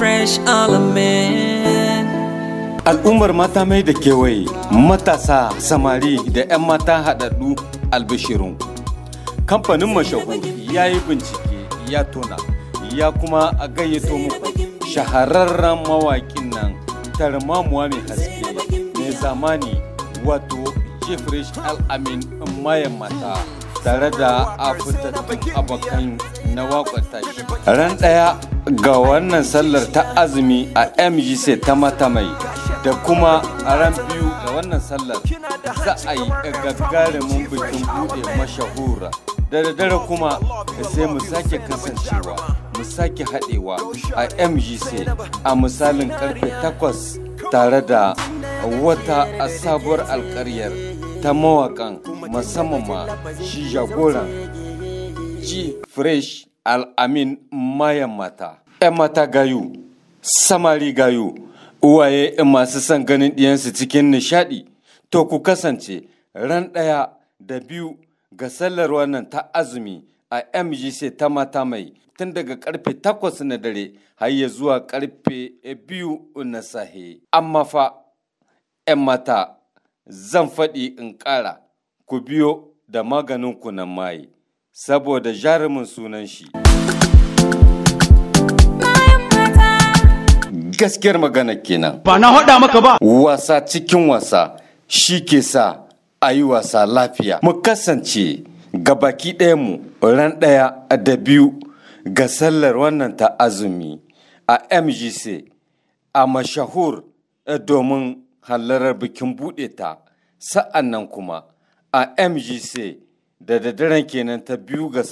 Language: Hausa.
fresh element. Al'ummar mata mai da kewaye matasa samari da 'yan mata haɗaɗɗu albishirun. Kamfanin mashahu ya yi bincike ya tona ya kuma a gayyato muku shahararren mawaƙin nan tarmamuwa mai haske mai zamani wato jefresh al'amin mayan mata tare da abokan na Ran ɗaya ga wannan sallar ta azumi a MGC ta matamai da kuma ran biyu ga wannan sallar za a yi gagarumin bikin buɗe mashahura. Da daddare kuma sai mu sake kasancewa mu sake haɗewa a MGC a misalin karfe takwas tare da wata sabuwar alkaryar ta mawakan musamman ma shi jagoran ji Fresh Al'amin Mayan Mata, ‘yan mata gayu, samari gayu, uwaye masu son ganin ɗiyansu cikin nishaɗi, to ku kasance ran ɗaya da biyu ga sallar wannan ta azumi a MGC ta mata mai tun daga karfe takwas na dare har ya zuwa karfe biyu na sahe. Amma fa, ‘yan mata, zan faɗi in ƙara, ku biyo da maganin ku na maye. saboda jarumin sunan shi. Gaskiyar magana kenan. Ba na haɗa maka ba. Wasa cikin wasa shi ke sa a yi wasa lafiya. Mu kasance ga baki mu ran ɗaya da biyu ga sallar wannan ta'azumi a MGC a mashahur eh, domin hallarar bikin buɗe ta sa'an nan kuma a MGC da daddaren kenan ta biyu ga